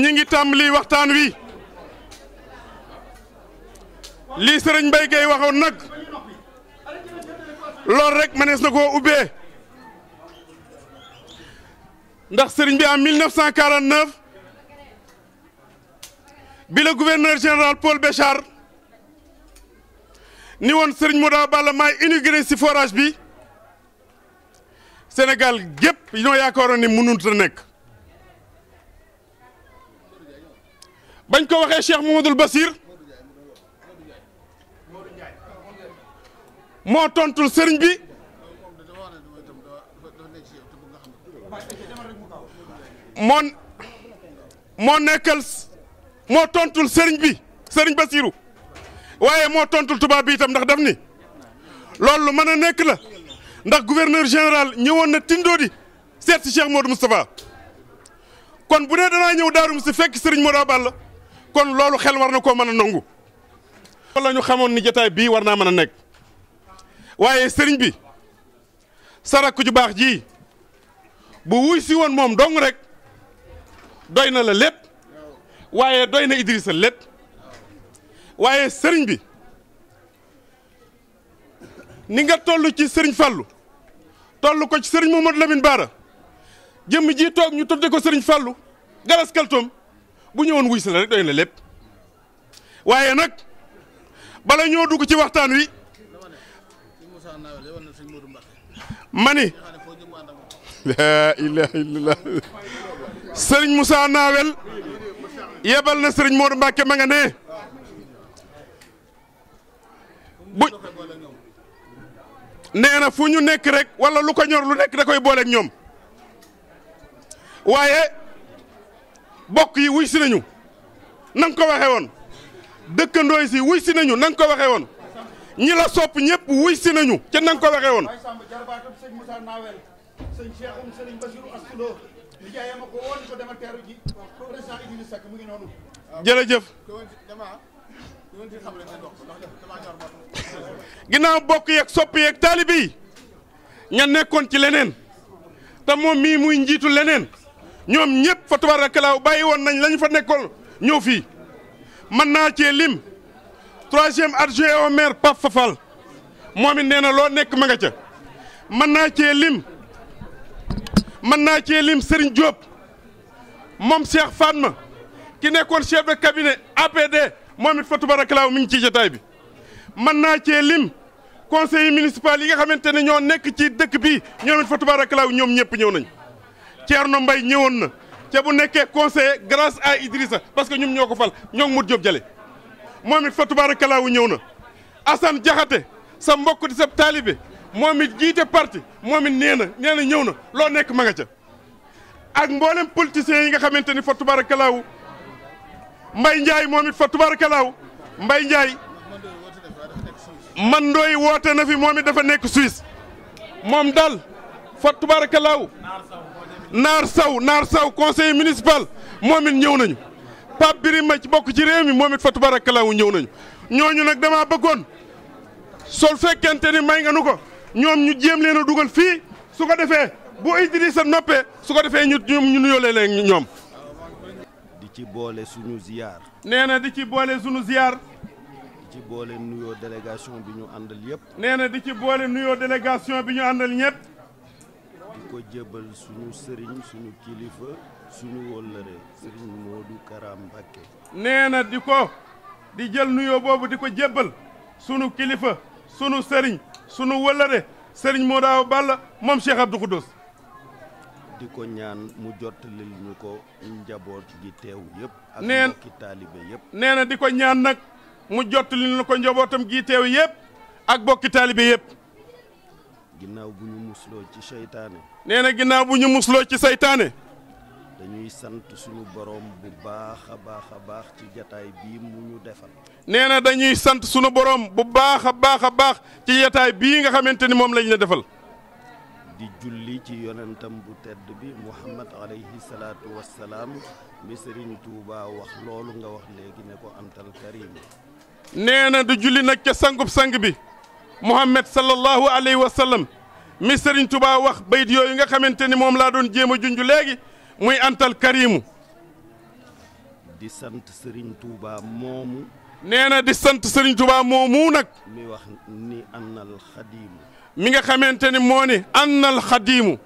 ñi ngi tàmbali waxtaan wi lii sëriñ Mbaye Gueye waxoon nag loolu rek manees na koo ubbee ndax sëriñ bi en 1949 bi la gouverneur général Paul Béchard ni woon sëriñ Moda Balla maay inauguré si forage bi Sénégal gépp ñoo yaakaaroon ni mënut a nekk. bañ ko waxee Cheikh Mamadou Basir moo tontul sëriñ bi moo moo tontul sëriñ bi sëriñ Basiru waaye moo tontul tubaab bi itam ndax daf ni loolu mën a nekk la ndax gouverneur général ñëwoon na Tindodi seet si Cheikh Modou Moustapha kon bu dee danaa ñëw daarum si fekk sëriñ a Aballa kon loolu xel war na koo mën a nangu wala ñu xamoon ni jotaay bii war naa mën a nekk waaye sëriñ bi sarak ju baax ji bu wuy si woon moom dong rek doy na la lépp waaye doy na Idrissa lépp waaye sëriñ bi ni nga toll ci sëriñ Fallou toll ko ci sëriñ Mamadou Lamine Bara jëmm ji toog ñu tudde ko sëriñ Fallou Galas Kaltoom bu ñëwoon wuy si rek doy na lépp waaye nag bala ñoo dugg ci waxtaan wi mani laa sëriñ Moussa Nawel yebal na sëriñ Modou Mbacke ma nga ne bu nee na fu ñu nekk rek wala lu ko ñor lu nekk da koy booleeg ñoom waaye bokk yi wuy si nañu na ko waxee woon dëkkandoo yi si wuy si nañu na nga ko waxee woon ñi la sopp ñëpp wuy si nañu ca na ko waxee woon. jërëjëf. ginnaaw bokk yeeg sopp yeeg taalibe yi ña nekkoon ci leneen te moom mii muy njiitu leneen. ñoom ñëpp fa tubaarakalaaw bàyyi woon nañ lañu fa nekkoon ñëw fii mën naa cee lim troisième adjoint au maire Pape Fafal moom nee na loo nekk ma nga ca mën naa cee lim mën naa cee lim Serigne Diop moom Cheikh Fatma ki nekkoon chef de cabinet APD moom it fa tubaarakalaaw mi ngi ci jotaay bi mën naa cee lim conseil municipal yi nga xamante ne ñoo nekk ci dëkk bi ñoom it fa tubaarakalaaw ñoom ñëpp ñëw nañ. Thierno mbay ñëwoon na te bu nekkee conseiller grâce à Idrissa parce que ñum ñoo ko fal ñoo ngi mut Diop Jale moom it fa tubaarakalaawu ñëw na Assane Diakhaté sa mbokk di sa taalibe moom jiite parti moom it nee na nee ñëw na loo nekk ma ak mboolem politiciens yi nga xamante ni fa tubaarakalaawu Mbaye Ndiaye moom it fa tubaarakalaawu Mbaye Ndiaye man ndooy woote na fi moom it dafa nekk Suisse moom daal fa tubaarakalaawu naar saw naar saw conseil municipal moom it ñëw nañu Pape Birima ci bokk ci réew mi moom it fa tubaarakalaaw ñëw nañu ñooñu nag damaa bëggoon sol fekkente ni may nga nu ko ñoom ñu jéem leen a dugal fii su ko defee bu Idrissa noppee su ko defee ñu ñu nuyoolee leen ñoom. di ci boole suñu ziyaar. nee na di ci boole suñu ziyaar. di ci boole nuyoo délégation bi ñu àndal yëpp. nee na di ci boole nuyoo délégation bi ñu àndal ñëpp. ko jébal suñu sëriñ suñu kilifa suñu wóllëre sëriñ Modou Kara Mbacké nee na di ko di jël nuyoo boobu di ko jébbal sunu kilifa sunu sëriñ sunu wëllëre sëriñ Modou Awa Balla moom Cheikh Abdou Khoudous di ko ñaan mu jottalil ñu ko njaboot gi teew yëpp ak bokki taalibe yëpp ginnaaw bu ñu musloo ci seytaane. nee na ginnaaw bu ñu musloo ci seytaane. dañuy sant sunu boroom bu baax a baax a baax ci jataay bii mu ñu defal. nee na dañuy sant sunu borom bu baax a baax a baax ci jataay bii nga xamante ni moom lañ la defal. di julli ci yonentam bu tedd bi muhammad alayhi salaatu wassalaam mi sëriñ Tuuba wax loolu nga wax léegi ne ko antal karim nee na du julli nag ca sangub sang bi Muhammad sallallahu alayhi wa sallam mi Serigne Touba wax bayit yooyu nga xamante ni moom laa doon jéem a junj léegi muy antal karimu. di sant Serigne Touba moomu. nee na di sant Serigne Touba moomu nag. mi wax ni annal xadiimu. mi nga xamante ni moo ni annal xadiimu.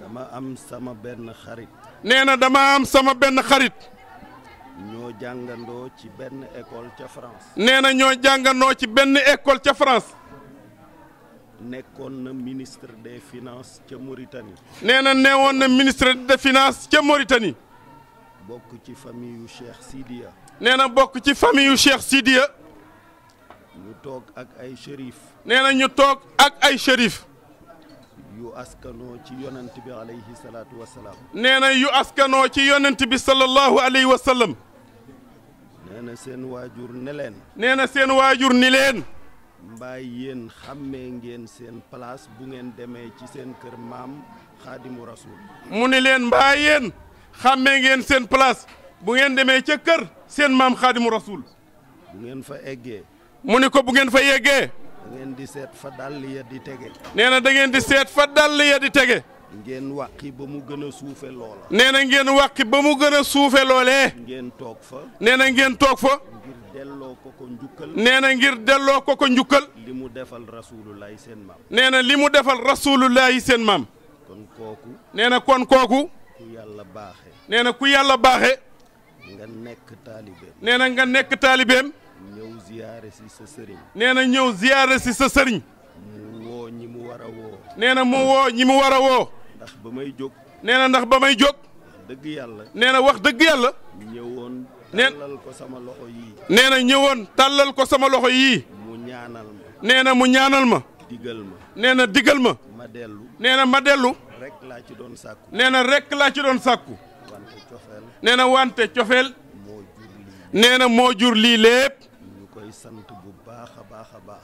dama am sama benn xarit. nee na dama am sama benn xarit. ñoo jàngandoo ci benn école ca France. nee na ñoo jàngandoo ci benn école ca France. nekkoon na ministre de finance ca Mauritanie. nee na neewoon na ministre des finances ca Mauritanie. bokk ci famille yu Cheikh Sidiya. nee na bokk ci famille yu Cheikh Sidiya. ñu toog ak ay shérif. nee na ñu toog ak ay shérif. yu askanoo ci yonent bi alayhi salaatu wa nee na yu askanoo ci yonent bi sallallahu alayhi wa sallam. na seen waajur ne leen. nee na seen waajur ni leen. mbaa yéen xàmmee ngeen seen place bu ngeen demee ci seen kër maam xaadimu rasul. mu ni leen mbaa yéen xàmmee ngeen seen place bu ngeen demee ca kër seen maam xaadimu rasul. bu ngeen fa eggee. mu ni ko bu ngeen fa yeggee. da di seet fa dàll ya di tege. nee na da ngeen di seet fa dàll ya di tege. ngeen wàqi ba mu gën a suufe loola. nee na ngeen wàqi ba mu gën a suufe loolee. ngeen toog fa. nee na ngeen toog fa. ngir delloo ko ko njukkal. nee na ngir delloo ko ko njukkal. li mu defal rasulullahi seen nee na li mu defal rasulullahi seen maam. kon kooku. nee na kon kooku. yàlla baaxee. nee na ku yàlla baaxe nga nekk nee na nga nekk taalibeem. ñëw ziyaare si sa sëriñ. nee na ñëw ziyaare si sa sëriñ. mu woo ñi mu war a woo. nee na mu woo ñi mu war a woo. ndax ba may jóg. nee na ndax ba may jóg. dëgg yàlla. nee na wax dëgg yàlla. ñëwoon. nee tàllal ko sama loxo yii. nee na ñëwoon tàllal ko sama loxo yii. ñaanal nee na mu ñaanal ma. digal ma. nee na digal ma. ma dellu. nee na ma dellu. rek laa ci doon sàkku. nee na rekk laa ci doon sàkku. nee na wante cofeel. nee na moo jur lii lépp.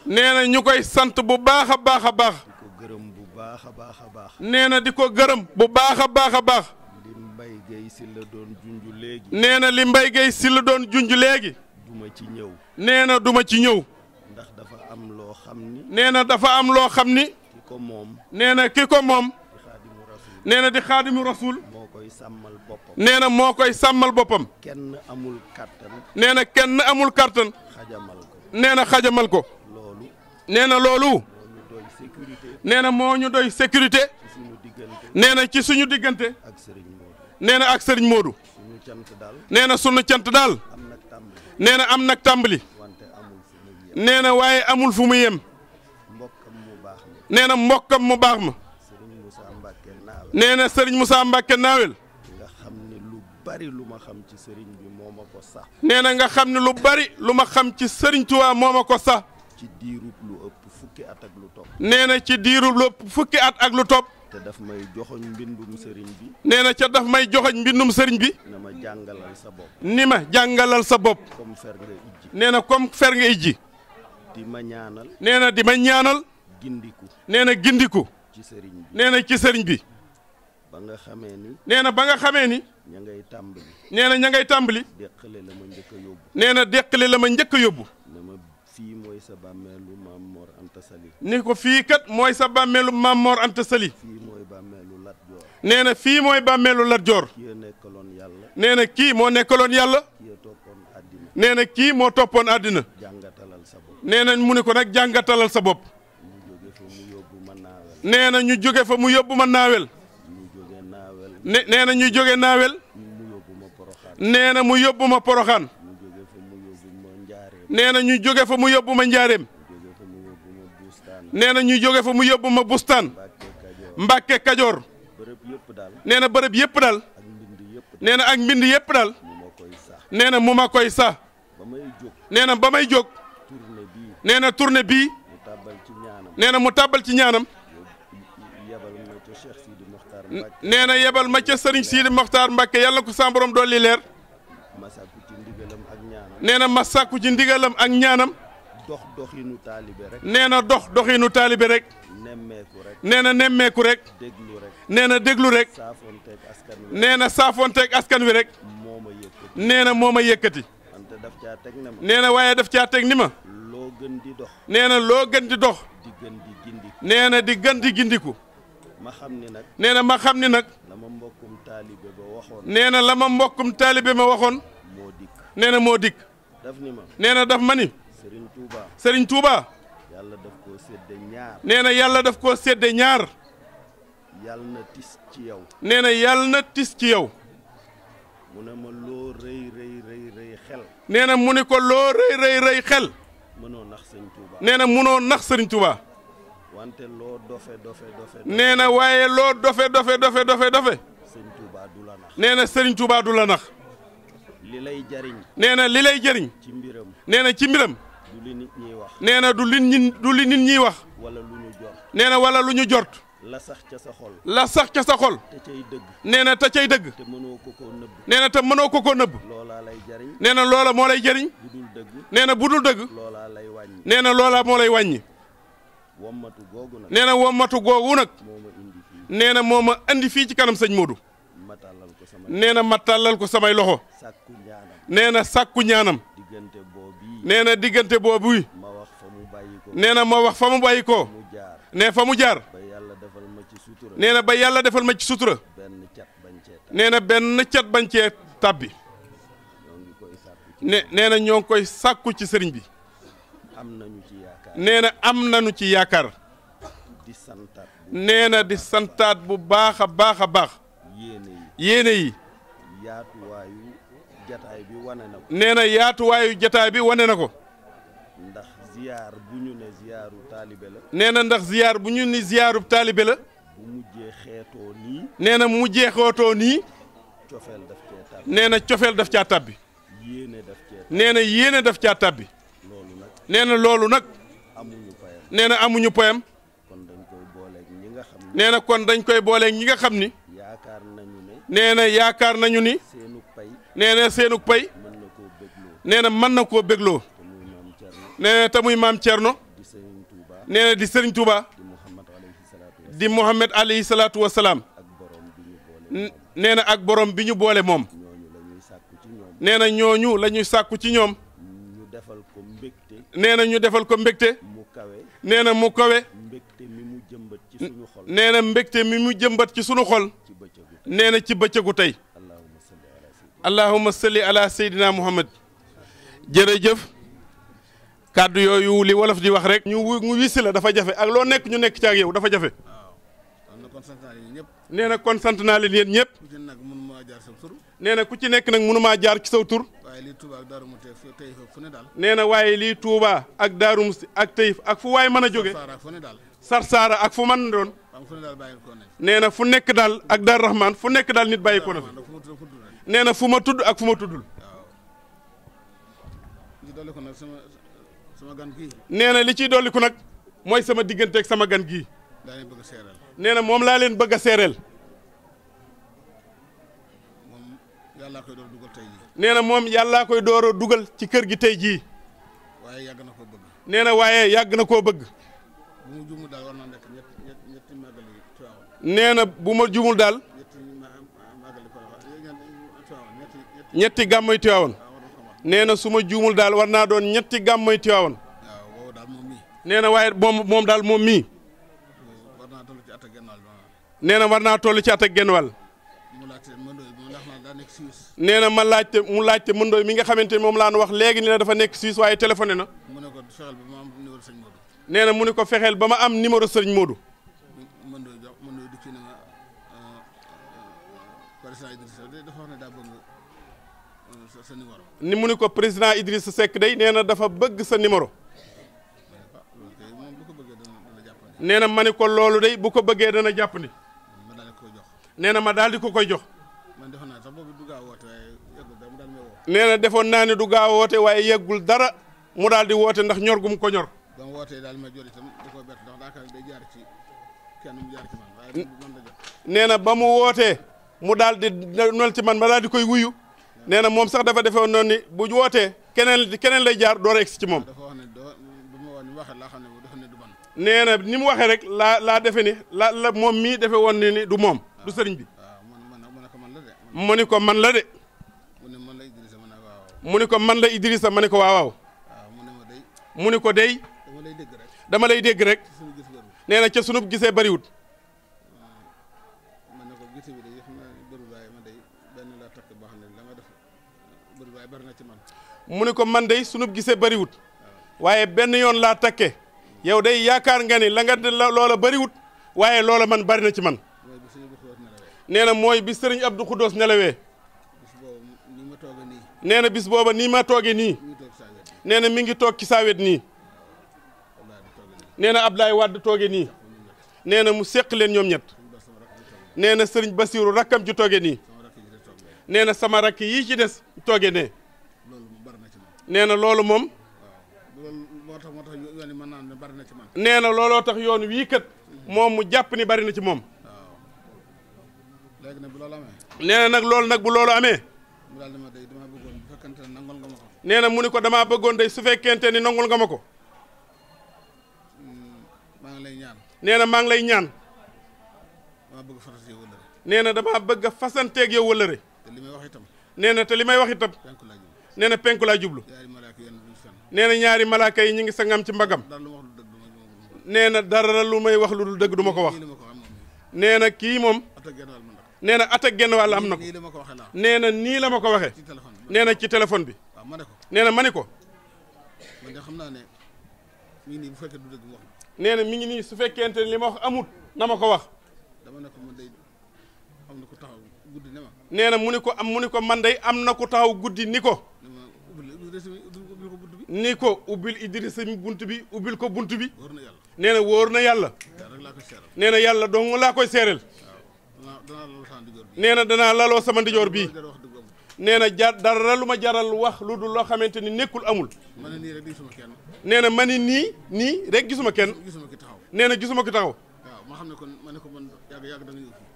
nee na ñu koy sant bu baax a baax a baax. di ko gërëm bu baax a baax a baax. nee na di ko gërëm bu baax a baax a baax. li Mbaye Gueye si la doon junj léegi. nee na li Mbaye Gueye si la doon junj léegi. duma ci ñëw. nee na duma ci ñëw. ndax dafa am loo xam ni. nee na dafa am loo xam ni. ki ko moom. nee na ki ko moom. nee na di xaadimu rasul. moo koy sàmmal boppam. nee na moo koy sàmmal boppam. kenn amul kàttan. nee na kenn amul kàttan. xajamal ko. nee na xajamal ko. nee na loolu nee na moo ñu doy sécurité nee na ci suñu diggante nee na ak sëriñ Modou nee na sunu cant daal nee na am nag tàmbali nee na waaye amul fu mu yem nee na mbokkam mu baax ma nee na sëriñ Moussa Mbacke naawel bari lu ma xam ci sëriñ bi ko nee na nga xam ne lu bari lu ma xam ci sëriñ Tuubaa moo ma ko sax. ci diirub lu ëpp fukki at ak lu topp. nee na ci diirub lu ëpp fukki at ak lu topp. te daf may joxoñ mbindum sëriñ bi. nee na ca daf may joxoñ mbindum sëriñ bi. na ma jàngalal sa bopp. ni ma jàngalal sa bopp. comme fer nee na comme fer nga ijji. di ma ñaanal. nee na di ma ñaanal. gindiku. nee na gindiku. ci sëriñ nee na ci sëriñ bi. ba nga xamee ni. nee na ba nga xamee ni. ña ngay tàmbali. nee na ña ngay tàmbali. deqale la ma njëkk a nee na deqale la ma njëkk a yóbbu. fii mooy sa bàmmeelu maam Mor Anta Sali. ni ko fii kat mooy sa bàmmeelu maam Mor Anta Sali. fii bàmmeelu Lat nee na fii mooy bàmmeelu Lat Joor. kii nekkaloon yàlla. nee na kii moo nekkaloon yàlla. kii toppoon àddina. nee na kii moo toppoon àddina. jàngatalal sa bopp. nee mu ne ko nag jàngatalal sa bopp. nee na ñu jóge fa mu yóbbu ma naawel. nee na ñu jóge naawel. nee mu yóbbu ma poroxaan. na mu yóbbu ma poroxaan. nee na ñu jóge fa mu yóbbu ma njaareem nee na ñu jóge fa mu yóbbu ma bustaan mbàkke kajoor nee na bërëb yépp daal nee na ak mbind yëpp daal nee na mu ma koy sax nee na ba may jóg nee na tournée bii nee na mu tàbbal ci ñaanam nee na yebal ma ca sëriñ Sidi Mokhtar Mbacke yàlla ko sa borom dolli leer nee na ma sàkku ci ndigalam ak ñaanam. dox doxinu taalibe rek. nee na dox doxinu taalibe rek. nemmeeku rek. nee na nemmeeku rek. déglu rek. nee na déglu rek. saafonteeg askan wi nee na saafonteeg askan wi rek. moo nee na moo ma yëkkati. wante daf caa teg ne ma. nee na waaye def caa teg ni ma. loo gën di dox. nee na loo gën di dox. di gën di gindiku. nee na di gën di gindiku. ma xam ni nag. nee na ma xam ni nag. la mbokkum taalibe waxoon. nee na la ma mbokkum taalibe ma waxoon. moo nee na moo dikk. daf ni ma nee na daf ma ni. Serigne Touba Serigne Touba. yàlla daf koo sedd ñaar. nee na yàlla daf ko sédde ñaar. yàlla na tis ci yow. nee na yàlla na tis ci yow. mu ne ma loo rëy rëy rëy xel. nee na mu ne ko loo rëy rëy xel. mënoo nax Serigne Touba. nee na mënoo nax Serigne Touba. wante loo dofe dofe dofe. nee na waaye loo dofe dofe dofe dofe dofe. Serigne Touba du la nax. nee na Serigne Touba du la nax. li lay jariñ. nee na li lay jariñ. ci mbiram nee na ci mbiram. du wax. nee na du li nit du ñiy wax. wala lu ñu nee na wala lu ñu jort. la sax ca sa xol. la sax ca sa xol. te cay dëgg. nee na te cay dëgg. te mënoo ko nee na te mënoo ko koo nëbb. loola lay jariñ. nee na loola moo lay jariñ. bu nee na bu dul dëgg. loola wàññi. nee na loola moo lay wàññi. wommatu googu nag. nee na wommatu googu nag. nee na moo ma indi fii ci kanam sëñ Modou. nee na ma ko samay loxo. nee na sàkku ñaanam nee na diggante boobu nee na ma wax fa mu bàyyi ko nee fa mu jaar nee na ba yàlla defal ma ci sutura nee na benn cat bañ cee tàbbi ne nee na ñoo koy sàkku ci sëriñ bi nee na am nañu ci yaakaar nee na di santaat bu baax a baax a baax yéene yi wane na nee na yaatuwaayu jotaay bi wane na ko. ndax ziar bu ñu ne ziaru la. nee na ndax ziar bu ñu ni ziaru taalibe la. bu mujjee xeetoo nii. nee na mujjee xeetoo nii. cofeel daf cee tàbbi. nee na cofeel daf caa tàbbi. yéene daf cee tàbbi. nee na yéene daf caa tàbbi. loolu nag. nee na loolu nag. amuñu payam. nee na amuñu payam. kon dañ koy booleeg ñi nga xam ni. nee kon dañ koy booleeg ñi nga xam ni. yaakaar nañu ni. seenug seenug pay. nee na mën na koo bégloo nee tamuy te muy maam Thierno nee na di Serigne Touba di Mouhamed alayhi salaatu wa salaam nee na ak borom bi ñu boole moom nee na ñooñu la ñuy sàkku ci ñoom nee na ñu defal ko mbégte nee na mu kawe nee na mi mu jëmbat ci sunu xol nee na ci bëccëgu tey allahumma salli ala sayyidina muhammad jërëjëf kàddu yooyu li wolof di wax rek. ñu ñu wisi la dafa jafe ak loo nekk ñu nekk ci ak yow dafa jafe. nee na kon sant naa leen yéen ñëpp. nee na ku ci nekk nag mënumaa jaar ci saw tur. nee na waaye lii Touba ak Darou Mouhty ak Taïf ak fu waay mën a jóge. sar saara ak fu man doon. nee na fu nekk daal ak Darou Rahman fu nekk daal nit bàyyi ko na fi. nee na fu ma tudd ak fu ma tuddul. nee na li ciy dolliku nag mooy sama digganteeg sama gan gii. nee na moom laa leen bëgg a seereel. nee na moom yàllaa koy door dugal ci kër gi tey jii. nee na waaye yàgg na koo bëgg. nee na bu ma jumul daal. ñetti gàmmoy Tiwaawan. nee na su ma juumul daal war naa doon ñetti gàmmay Tiwaawan nee na waaye moom moom daal moom mii nee na war naa toll ci at ak genn wàll nee na ma laajte mu laajte mëndooy mi nga xamante ni moom laa wax léegi ni la dafa nekk Suisse waaye téléphoné na nee na mu ne ko fexeel ba ma am numéro sëriñ Modou ni mu ni ko président Idrissa sekk day nee na dafa bëgg sa numéro nee na ma ni ko loolu day bu ko bëggee dana jàpp ni nee na ma daal di ko koy jox nee na defoon naa ne du gaaw woote waaye yeggul dara mu daal di woote ndax ñor gum ko ñor nee na ba mu woote mu daal di ci man ma daal di koy wuyu nee na moom sax dafa defee woon noonu ni bu wootee keneen keneen lay jaar door a egsi ci moom. nee na ni mu waxee rek laa laa defe ni laa la moom mii defe woon ni ni du moom du sëriñ bi. Ah, mu ni ko man la de. mu ni ko man la Idrissa ma ne ko waawaaw. Ah, mu ni ko dey. dama lay dégg rek. nee na ca sunub gisee bariwut mu ne ko man dey sunub gisee bëriwut waaye benn yoon laa takke yow day yaakaar nga ni la nga loola bëriwut waaye loola man bari na ci man nee na mooy bi sëriñ Abdou Khoudous nelawee nee na bis booba nii ma tooge nii nee na mi ngi toog ci saawet nii nee na Ablaye Wade tooge nii nee na mu seq leen ñoom ñett nee na sëriñ Basiiru rakkam ci tooge nii nee na sama rakk yii ci des tooge ne nee na loolu moom. moo tax moo tax mën naa bari na ci man. nee na looloo tax yoon wii kat moom mu jàpp ni bari na ci moom. léegi nag bu loolu nag loolu nag bu loolu amee. mu daal dama day dama bëggoon bu fekkente ne nga ma nee na mu ni ko damaa bëggoon day su fekkente ni nangul nga ma ko. maa ngi lay ñaan. nee na maa ngi lay ñaan. damaa bëgg fasante wëllëre. nee na damaa bëgg a fasanteeg yow wëllëre. te li may wax itam. nee na te li may wax itam. nee na penku laa jublu nee na ñaari malaaka yi ñu ngi sangam ci mbagam nee na dara lu may wax lu dul dëgg du ma ko wax nee na kii moom nee na at ak genn wàll am na ko nee na nii la ma ko waxee nee na ci téléphone bi nee na ma ne ko nee na mi ngi nii su fekkente ne li ma wax amut na ma ko wax nee na mu ni ko am mu ni ko man day am na ku taxaw guddi ni ko ni ko ubbil Idrissa mi bunt bi ubbil ko bunt bi nee na wóor na yàlla nee na yàlla dong laa koy seereel nee na danaa laloo sama ndijoor bii nee na jar dara lu ma jaral wax lu dul loo xamante ni nekkul amul nee na ma ni nii nii rek gisuma kenn nee na gisuma ko taxaw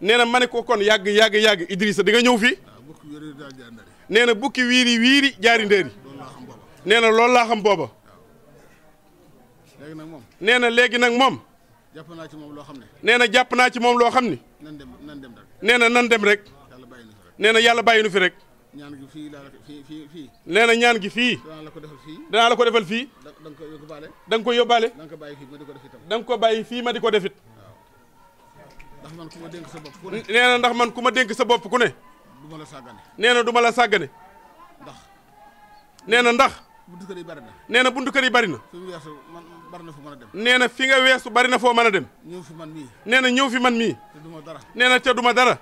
nee na ma ne ko kon yàgg yàgg yàgg Idrissa di nga ñëw fii nee na bukki wiiri wiiri jaari ndéeri nee na loolu laa xam booba. léegi nag moom. nee na léegi nag moom. jàpp naa ci moom loo xam ne. nee na jàpp naa ci moom loo xam ni. nan dem nan dem rek. nee na nan dem rek. yàlla bàyyi nu nee na yàlla bàyyi nu fi rek. ñaan gi fii laa fii fii fii. na ñaan gi fii. la ko defal fii. danaa la ko defal fii. da nga ko yóbbaale. da ko yóbbaale. da nga ko di ko def itam. da ko bàyyi fii ma ko def it. ndax man ma dénk sa bopp ku ne. nee ndax man ku ma dénk sa bopp ku ne. du ma la sàggane. nee na du ma la sàggane. ndax. nee na ndax. buntu kër yi bari na nee na buntu kër yi bari na bari na foo mën dem nee na fi nga weesu bari na foo mën a dem ñëw fi man mii nee na ñëw fi man mii te dara nee na te duma dara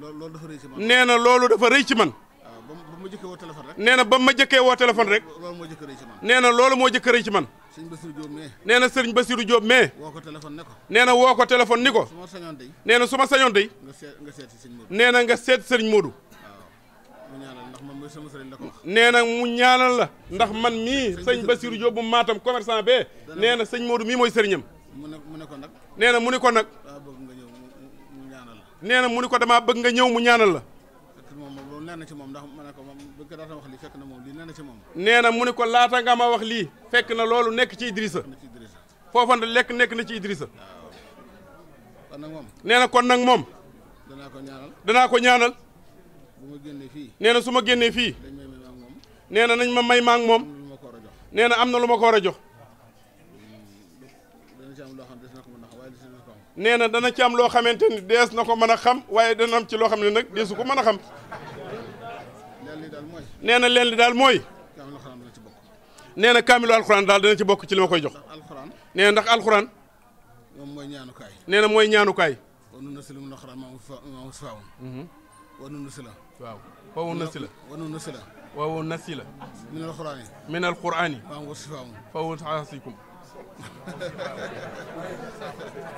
loolu dafa rëy ci man nee na loolu dafa rëy man ba ma jëkkee woo téléphone rek nee na ba ma jëkkee woo téléphone rek loolu moo jëkk rëy man nee na loolu moo jëkk rëy ci man sëriñ Basiru Jóob mee nee na sëriñ ko téléphone ne nee na woo ko téléphone ni ko su ma na su ma sañoon day nga seet nga seet sëriñ nee na nga seet sëriñ Moodu nee na mu ñaanal la ndax man mii sëñ Basiru Jóob bu maatam commerçant bee nee na sëñ Modou mii mooy sëriñam nee na mu ni ko nag nee na mu ni ko damaa bëgg nga ñëw mu ñaanal la nee na mu ni ko laata nga ma wax lii fekk na loolu nekk ci Idrissa foofa na lekk nekk na ci Idrissa nee na kon nag moom danaa ko ñaanal nee na su ma génnee fii nee na nañ ma may maak moom nee na am na lu ma ko war a jox mm, nee na dana ci am loo xamante ni dees na ko mën a xam waaye dana am ci loo xam ne nag deesu ko mën a xam nee na leen daal mooy nee na kaamilu alxuraan daal dana ci bokk ci li ma koy jox nee na ndax alxuraan nee na mooy ñaanukaay. waaw wawu nasila wanu nasila wawu nasila min alqurani min alqurani waaw wa sifaamu fawu asikum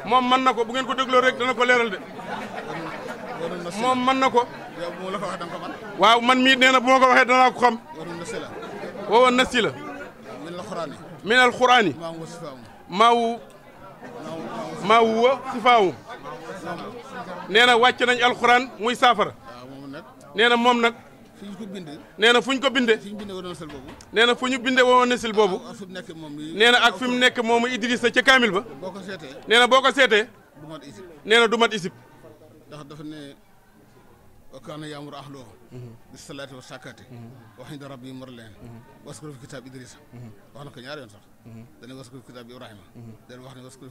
moom mën na ko bu ngeen ko dégloo rek dana ko leeral de moom mën na ko waaw man mii nee na bu ko waxee danaa ko xam wawu nasila min alqurani min alqurani maawu maawu wa sifaamu nee na wàcc nañ alquran muy saafara nee na moom nag. fu ñu ko bindee. nee na fu ñu ko nee na fu ñu bindee woon na sil boobu. nee na ak fi mu nekk moomu Idrissa ca Kaamil ba. nee na boo ko seetee. nee na du mat isib. ndax dafa ne. wa kaana yaamuru ahlahu bis-salaati was-zakaati wa inda rabbi marlan waskuru fi kitaab Idrissa wax na ko ñaari yoon sax mhm. dana waskuru fi kitaab Ibrahima mhm. wax ne waskuru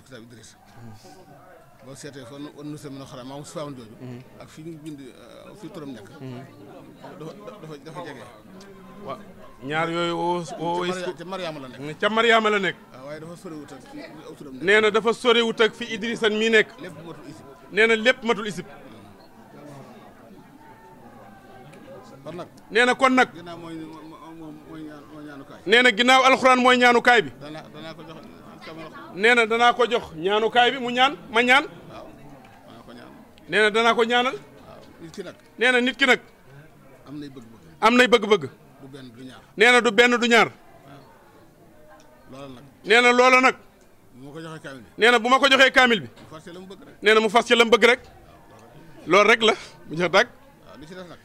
boo seetee fa wan nu sami na xaraa mm-hmm. ak fi ñu euh, mm-hmm. dafa dafa jege waaw ñaar yooyu woo woo ca Mariama la nekk ca la nekk ah, waaye dafa soriwut ak aw turam nee na dafa soriwut ak fi Idrissa mii nekk lépp matul isib nee na lépp matul isib mm. kon nag nee na kon nag ginnaaw mooy mooy ñaanukaay nee na ginnaaw alxuraan mooy ñaanukaay bi nee na danaa ko jox ñaanukaay bi mu ñaan ma ñaan nee na danaa ko ñaanal nee na nit ki nag am nay bëgg-bëgg am nay bëgg-bëgg nee na du benn du ñaar nee na loola nag nee na bu ma ko joxee kaamil bi nee na mu fas ci la mu bëgg rek loolu rek la bu ñu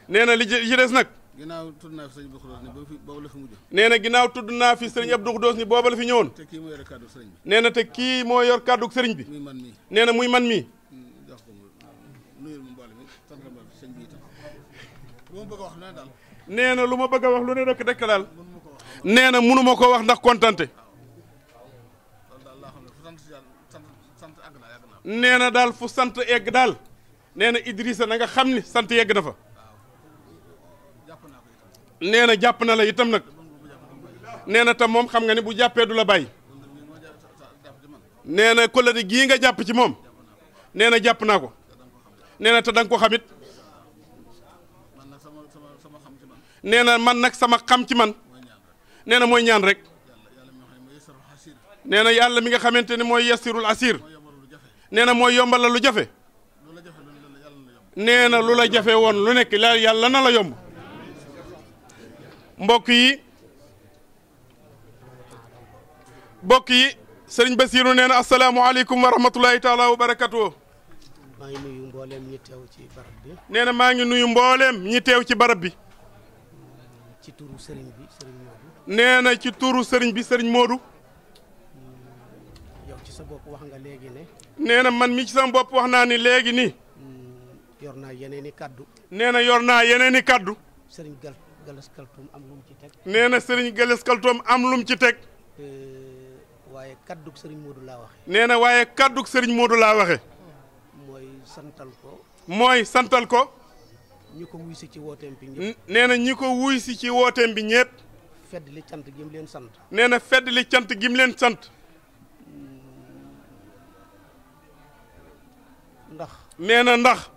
nee na li ci des nag ginnaaw tudd naa fi sëriñ Abdou Khoudoss ni boobu la fi nee na ginnaaw tudd naa fi sëriñ Abdou Khoudoss ni boobu la fi ñëwoon. te kii moo yor kàddu sëriñ bi. nee na te kii moo yor kàddu sëriñ bi. muy man mii nee na muy man mii. Hmm, jox mi sant ma sëriñ bi lu ma bëgg a wax lu ne daal. nee na lu ma bëgg a wax lu rek dëkk daal. nee na mënu ko wax ndax kontante. nee na daal fu sant yegg daal. nee na Idrissa na nga xam ni sant yegg na fa. nee na jàpp na la itam nag nee na tam moom xam nga ni bu jàppee du la bàyyi nee na kóllëre gii nga jàpp ci moom nee na jàpp na ko nee na te da nga ko xamit nee na man nag sama xam ci man nee na mooy ñaan rek nee na yàlla mi nga xamante ni mooy yasirul asir nee na mooy yombal la lu jafe nee na lu la jafe woon lu nekk la yàlla na la yomb mbokk yi mbokk yi sëriñ Basiiru nee na asalaamualeykum wa rahmatulahi taala wa barakatu maa ngi nuyu mbooleem ñi ci barab bi. nee na maa ngi nuyu mbooleem ñi teew ci barab bi. ci turu sëriñ bi sëriñ Modou. nee na ci turu sëriñ bi sëriñ Modou. Mm, yow wax nga léegi ne. man mi ci bopp wax naa ni léegi nii. yor mm, naa yeneen i kaddu. nee yor naa yeneeni i kaddu. sëriñ Gal Gallas Kaltoum am lu mu ci teg. nee na Serigne Gallas Kaltoum am lu mu ci teg. waaye kaddug Serigne Modou laa waxe nee na waaye kaddug Serigne Modou laa waxe mooy santal ko. mooy santal ko. ñi ko wuy ci wooteem bi ñëpp. na ñi ko wuy ci wooteem bi ñëpp. fedd li cant gim leen sant. nee na fedd cant gim leen sant. ndax. nee na ndax.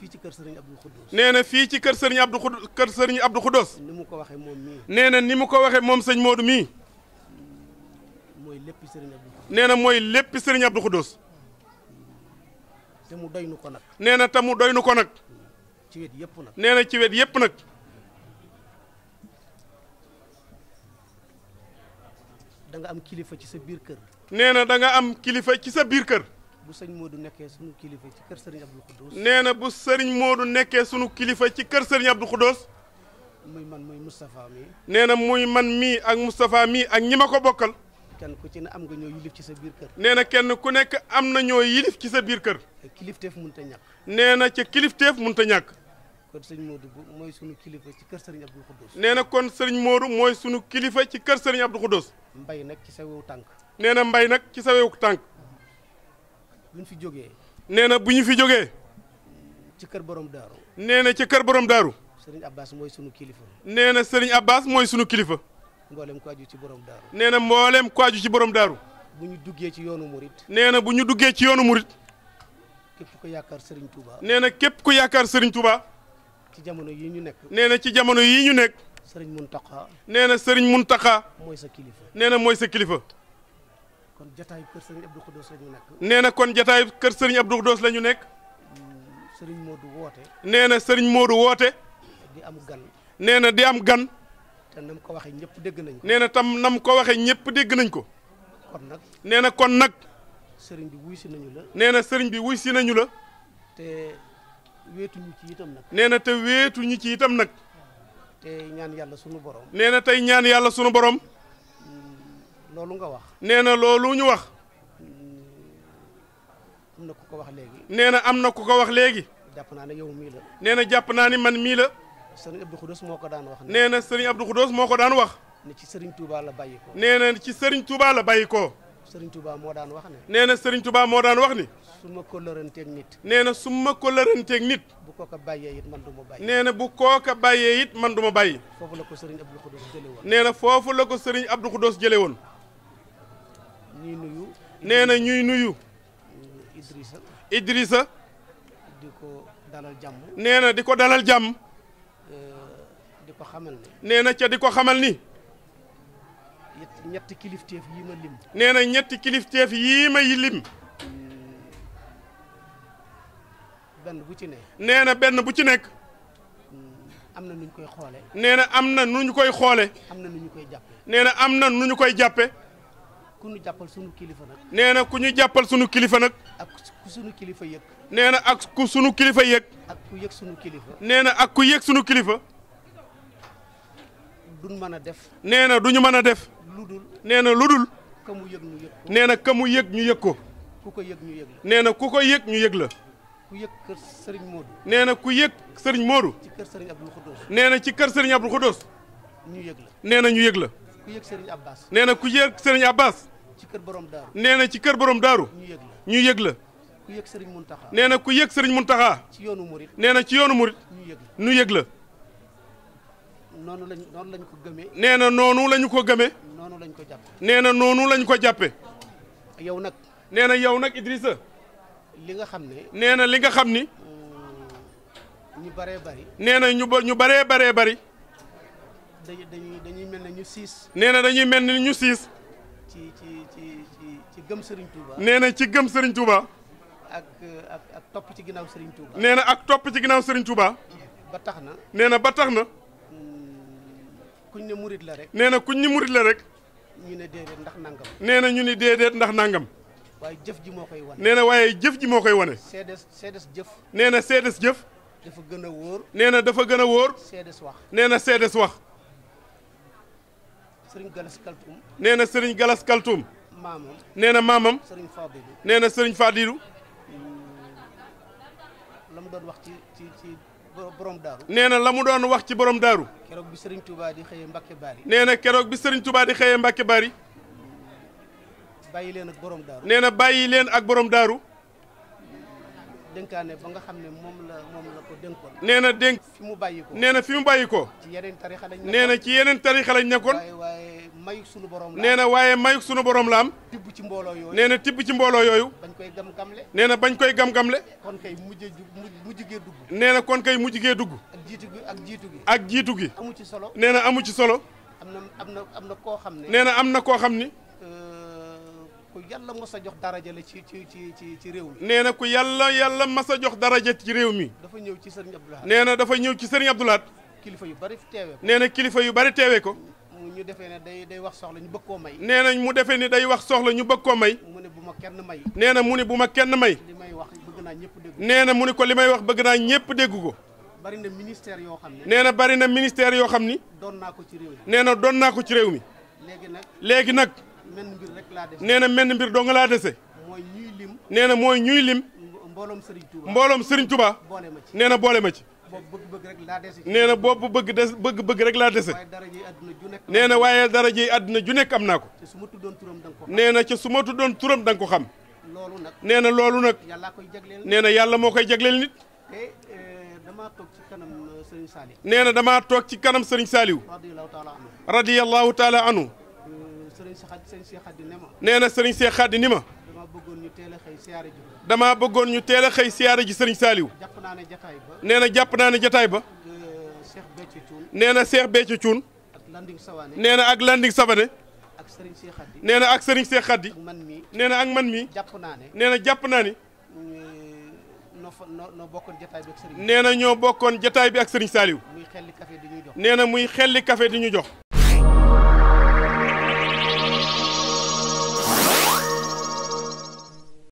fii ci kër sëriñ Abdou Khoudous. nee na fii ci kër sëriñ Abdou Khoudous kër sëriñ Abdou Khoudous. ni mu ko waxee moom mii. nee na ni mu ko waxee moom sëñ Modou mii. mooy lépp sëriñ Abdou nee na mooy lépp sëriñ Abdou Khoudous. te mu doy nu ko nag. nee na te mu doy nu ko nag. ci wet yëpp nag. nee na ci wet yëpp nag. danga am kilifa ci sa biir kër. nee na da am kilifa ci sa biir kër. bu sëñ Modou nekkee sunu kilifa ci kër sëriñ Abdou Khoudous. nee na bu sëriñ Modou nekkee sunu kilifa ci kër sëriñ Abdou Khoudous. muy man muy Moustapha nee na muy man mii ak Moustapha mii ak ñi ma ko bokkal. kenn ku ci ne am nga ñoo yilif ci sa nee na kenn ku nekk am na ñoo ci sa biir kër. kilifteef mënut a ñàkk. nee na ca kilifteef mënut a ñàkk. kon sëñ Modou mooy sunu kilifa ci kër sëriñ Abdou nee na kon sëriñ Modou mooy sunu kilifa ci kër sëriñ Abdou Khoudous. mbay nag ci sa tànk. nee na mbay nag ci sa tànk. buñ fi jógee. nee na bu ñu fi jógee. ci kër borom daaru. nee na ci kër borom daaru. Serigne Abbas mooy sunu kilifa. nee na Serigne Abbas mooy sunu kilifa. mboolem ko aju ci borom daaru. nee na mboolem ko aju borom daaru. bu ñu duggee ci yoonu Mouride. nee na bu ñu duggee ci yoonu Mouride. képp yaakaar Serigne Touba. nee na képp ku yaakaar Serigne Touba. ci jamono yii ñu nekk. nee na ci jamono yii ñu nekk. Serigne Mountakha. nee na Serigne Mountakha. mooy sa kilifa. nee na mooy sa kilifa. kon jataayu kër sëriñ Abdou Khoudous la ñu nekk. nee na kon jataayu kër sëriñ Abdou Khoudous la ñu nekk. Mm, sëriñ Modou woote. nee na sëriñ Modou woote. di am gan. nee na di am gan. te nam ko waxee ñëpp dégg nañ ko. nee na tam nam ko waxee ñëpp dégg nañ ko. kon nag. nee na kon nag. sëriñ bi wuy si nañu la. nee na sëriñ bi wuy si nañu la. te weetuñu ci itam nag. nee na te weetuñu ci itam nag. te ñaan yàlla sunu borom. nee na tey ñaan yàlla sunu borom. loolu nga wax. nee na loolu ñu wax. am na ku ko wax léegi. nee na am na ku ko wax léegi. jàpp naa ne yow mii la. nee na jàpp naa ni man mii la. sëriñ Abdou Khoudous moo ko daan wax. nee na sëriñ Abdou Khoudous moo ko daan wax. ne ci sëriñ Touba la bàyyi ko. nee ci sëriñ Touba la bàyyi ko. sëriñ Touba moo daan wax ne. nee na sëriñ Touba moo daan wax ni. su ma ko lëranteeg nit. nee na su ma ko lëranteeg nit. bu kooka bàyyee it man du ma nee na bu kooka bàyyee it man du ma bàyyi. foofu la ko sëriñ Abdou Khoudous jëlee woon. nee na foofu la ko sëriñ Abdou Khoudous jëlee woon. ñuy nuyu. nee na ñuy nuyu. Idrissa. Idrissa. di ko dalal jàmm. nee na di ko dalal jàmm. di ko xamal nee na ca di ko xamal ni. ñetti kilifteef yii ma lim. nee na ñetti kilifteef yii ma yi lim. Hmm, benn bu ci ne. nee na benn bu ci nekk. Hmm, am na nu koy xoole nee na am na nu ñu koy xoole am na nu koy jàppe nee na am na nu ñu koy jàppe ku ñu jàppal sunu kilifa nag. nee na ku ñu jàppal sunu kilifa nag. ak ku kilifa yëg. nee na ak ku sunu kilifa yëg. ak ku yëg sunu nee na ak ku yëg sunu kilifa. duñ mën a def. nee na duñu mën a def. ludul nee na ludul. ka mu yëg nee na ka mu ñu yëg ko. ku ko yëg ñu yëg la. nee na ku ko yëg ñu yëg la. ku yëg nee na ku yëg Serigne Modou. ci kër nee na ci kër Serigne Abdou Khoudous. ñu yëg la nee na ñu yëg la. ku yëg Serigne nee na ku yëg sëriñ Abbas. ci kër borom nee na ci kër borom daaru ñu yëg la ku yëg sëriñ Muntaxa nee na ku yëg sëriñ Muntaxa ci yoonu murit nee ci yoonu murit ñu yëg la noonu lañ noonu lañ ko gëmee nee na noonu lañu ko gëmee noonu lañ ko jàppe nee na noonu lañ ko jàppe yow nag nee na yow nag Idrissa li nga xam ne nee na li nga xam ni ñu baree nee na ñu ñu baree baree bari dañuy dañuy mel ne ñu nee na dañuy mel ni ñu siis gëm Serigne Touba. nee na ci gëm Serigne Touba. ak ak ak topp ci ginnaaw sëriñ Touba. nee na ak topp ci ginnaaw Serigne Touba. ba tax na. nee na ba tax na. kuñ ne murit la rek. nee na kuñ ne murit la rek. ñu ne déedéet ndax nangam. nee na ñu ne déedéet ndax nangam. waaye jëf ji moo koy wane. nee na waaye jëf ji moo koy wane. seedes seedes jëf. nee na seedes jëf. dafa gën a wóor. nee na dafa gën a wóor. seedes wax. nee na seedes wax. Serigne Galas Kaltoum. nee na Serigne Galas Kaltoum. nee na maamam nee na sëriñ faa hmm. la mu doon wax ci ci borom daaru nee na la mu doon wax ci borom daaru keroog bi sëriñ Touba di xëyee Mbacke Bari nee na keroog bi sëriñ Touba di xëyee Mbacke Bari bàyyi leen ak borom daaru nee na bàyyi leen ak borom daaru dénkaane ba nga xam ne moom la moom la nee na dénk fi mu bàyyi ko nee na fi mu bàyyi ko. ci yeneen tarixa nekkoon nee ci yeneen tarixa lañ mayuk sunu borom nee na waaye mayuk sunu borom la am. tibb ci mbooloo yooyu nee na tibb ci mbooloo yooyu. bañ koy gam-gamle nee na bañ koy gam-gamle. kon kay mujjee mujj gee dugg. nee na kon kay mujj gee dugg. ak jiitu gi ak jiitu gi. ak jiitu gi. amu ci solo nee na amu ci solo. am na am na am na koo xam ne. nee na am na koo xam ni. Euh, ku yàlla mas a jox daraja la ci ci ci ci réew mi. nee na ku yàlla yàlla mas a jox daraja ci réew mi. dafa ñëw ci sëriñ Abdoulahat. nee na dafa ñëw ci sëriñ Abdoulahat. kilifa yu bari teewee ko. nee na kilifa yu bari teewee ko. mi ñu defee ne day day wax soxla ñu bëgg koo may. nee nañ mu defee ni day wax soxla ñu bëgg koo may. mu bu ma kenn may. nee na mu ne bu ma kenn may. li may wax bëgg naa ñëpp dégg. nee na mu ne ko li may wax bëgg naa ñëpp dégg ko. bari na ministère yoo xam ne. nee na bari na ministère yoo xam ni. doon naa ko ci réew mi. doon naa ko ci réew mi. léegi nag léegi nag. menn mbir rek laa dese. nee na menn mbir dong laa dese. mooy ñuy nee na mooy ñuy lim. mbooloom Serigne Touba mbooloom Serigne Touba. boole ma ci nee na boole ma ci. nee na boobu bëgg des bëgg bëgg rek laa dese. nee na waaye dara ji àddina ju nekk am naa ko. nee na ca su ma tuddoon turam da ko xam. nee na loolu nag. nee na yàlla moo koy jagleel nit. Eh, eh, nee na damaa toog ci kanam Serigne Saliou. radiyallahu taala anhu. Eh, nee na Serigne Cheikh Khady ma. nee na Serigne Cheikh Khady ni ma. dama bëggoon ñu teela xëy siyaare ji sëriñ Saliou nee na jàpp naa ne jataay ba euh, nee na Cheikh Béthio Thioune nee na ak Landing Savané nee na ak sëriñ Cheikh Khady nee na ak man mii nee na jàpp naa ni euh, nee na ñoo bokkoon jataay bi ak sëriñ Saliou nee na muy xelli café di ñu jox